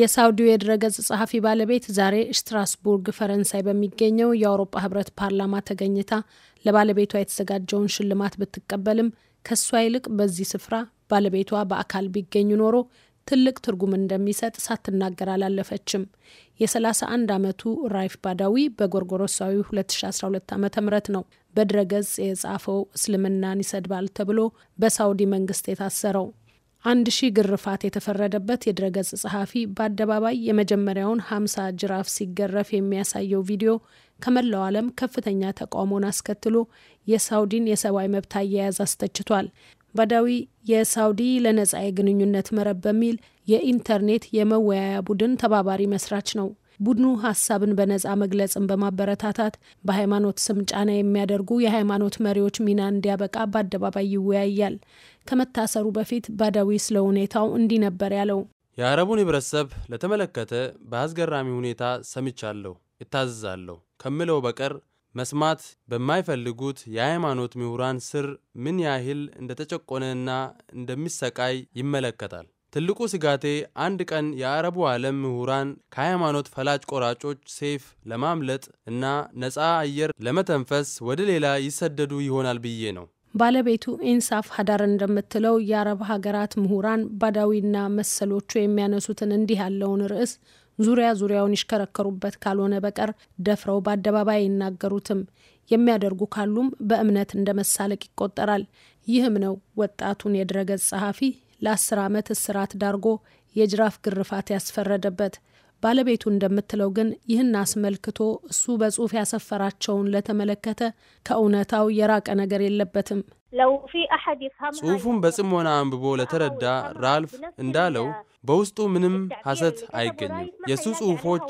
የሳውዲው የድረገጽ ጸሐፊ ባለቤት ዛሬ ስትራስቡርግ ፈረንሳይ በሚገኘው የአውሮፓ ህብረት ፓርላማ ተገኝታ ለባለቤቷ የተዘጋጀውን ሽልማት ብትቀበልም ከእሷ ይልቅ በዚህ ስፍራ ባለቤቷ በአካል ቢገኝ ኖሮ ትልቅ ትርጉም እንደሚሰጥ ሳትናገር አላለፈችም። የ31 ዓመቱ ራይፍ ባዳዊ በጎርጎሮሳዊ 2012 ዓ ም ነው በድረገጽ የጻፈው እስልምናን ይሰድባል ተብሎ በሳውዲ መንግስት የታሰረው። አንድ ሺህ ግርፋት የተፈረደበት የድረገጽ ጸሐፊ በአደባባይ የመጀመሪያውን ሀምሳ ጅራፍ ሲገረፍ የሚያሳየው ቪዲዮ ከመላው ዓለም ከፍተኛ ተቃውሞን አስከትሎ የሳውዲን የሰብአዊ መብት አያያዝ አስተችቷል። ባዳዊ የሳውዲ ለነጻ የግንኙነት መረብ በሚል የኢንተርኔት የመወያያ ቡድን ተባባሪ መስራች ነው። ቡድኑ ሀሳብን በነጻ መግለጽን በማበረታታት በሃይማኖት ስም ጫና የሚያደርጉ የሃይማኖት መሪዎች ሚና እንዲያበቃ በአደባባይ ይወያያል። ከመታሰሩ በፊት ባዳዊ ስለ ሁኔታው እንዲህ ነበር ያለው። የአረቡን ህብረተሰብ ለተመለከተ በአስገራሚ ሁኔታ ሰምቻለሁ፣ እታዘዛለሁ ከምለው በቀር መስማት በማይፈልጉት የሃይማኖት ምሁራን ስር ምን ያህል እንደተጨቆነና እንደሚሰቃይ ይመለከታል። ትልቁ ስጋቴ አንድ ቀን የአረቡ ዓለም ምሁራን ከሃይማኖት ፈላጭ ቆራጮች ሴፍ ለማምለጥ እና ነፃ አየር ለመተንፈስ ወደ ሌላ ይሰደዱ ይሆናል ብዬ ነው። ባለቤቱ ኢንሳፍ ሀዳር እንደምትለው የአረብ ሀገራት ምሁራን ባዳዊና መሰሎቹ የሚያነሱትን እንዲህ ያለውን ርዕስ ዙሪያ ዙሪያውን ይሽከረከሩበት ካልሆነ በቀር ደፍረው በአደባባይ አይናገሩትም። የሚያደርጉ ካሉም በእምነት እንደ መሳለቅ ይቆጠራል። ይህም ነው ወጣቱን የድረገጽ ጸሐፊ ለአስር ዓመት እስራት ዳርጎ የጅራፍ ግርፋት ያስፈረደበት ባለቤቱ እንደምትለው ግን ይህን አስመልክቶ እሱ በጽሁፍ ያሰፈራቸውን ለተመለከተ ከእውነታው የራቀ ነገር የለበትም። ጽሁፉን በጽሞና አንብቦ ለተረዳ ራልፍ እንዳለው በውስጡ ምንም ሐሰት አይገኝም። የእሱ ጽሁፎች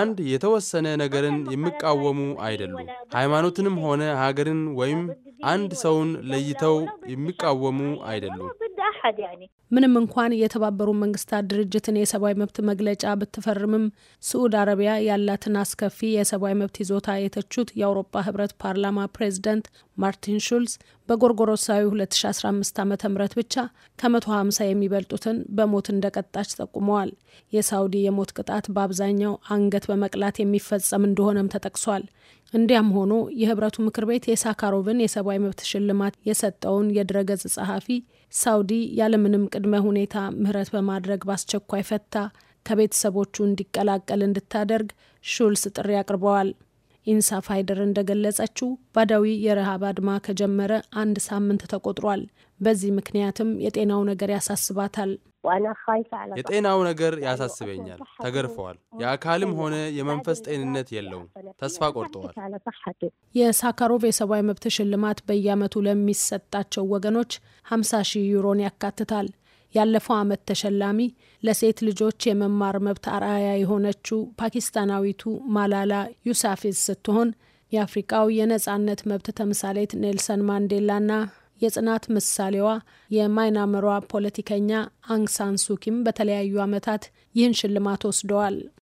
አንድ የተወሰነ ነገርን የሚቃወሙ አይደሉም። ሃይማኖትንም ሆነ ሀገርን ወይም አንድ ሰውን ለይተው የሚቃወሙ አይደሉም። ምንም እንኳን የተባበሩ መንግስታት ድርጅትን የሰብአዊ መብት መግለጫ ብትፈርምም ስዑድ አረቢያ ያላትን አስከፊ የሰብአዊ መብት ይዞታ የተቹት የአውሮፓ ህብረት ፓርላማ ፕሬዚደንት ማርቲን ሹልስ በጎርጎሮሳዊ 2015 ዓ ም ብቻ ከ150 የሚበልጡትን በሞት እንደቀጣች ጠቁመዋል። የሳውዲ የሞት ቅጣት በአብዛኛው አንገት በመቅላት የሚፈጸም እንደሆነም ተጠቅሷል። እንዲያም ሆኖ የህብረቱ ምክር ቤት የሳካሮቭን የሰብአዊ መብት ሽልማት የሰጠውን የድረገጽ ጸሐፊ ሳውዲ ያለምንም ቅድመ ሁኔታ ምህረት በማድረግ በአስቸኳይ ፈታ ከቤተሰቦቹ እንዲቀላቀል እንድታደርግ ሹልስ ጥሪ አቅርበዋል። ኢንሳፋይደር እንደገለጸችው ባዳዊ የረሃብ አድማ ከጀመረ አንድ ሳምንት ተቆጥሯል። በዚህ ምክንያትም የጤናው ነገር ያሳስባታል። የጤናው ነገር ያሳስበኛል። ተገርፈዋል። የአካልም ሆነ የመንፈስ ጤንነት የለውም። ተስፋ ቆርጠዋል። የሳካሮቭ የሰብአዊ መብት ሽልማት በየዓመቱ ለሚሰጣቸው ወገኖች 50 ሺህ ዩሮን ያካትታል። ያለፈው ዓመት ተሸላሚ ለሴት ልጆች የመማር መብት አርአያ የሆነችው ፓኪስታናዊቱ ማላላ ዩሳፊዝ ስትሆን የአፍሪቃው የነጻነት መብት ተምሳሌት ኔልሰን ማንዴላና የጽናት ምሳሌዋ የማይናምሯ ፖለቲከኛ ሱኪም በተለያዩ ዓመታት ይህን ሽልማት ወስደዋል።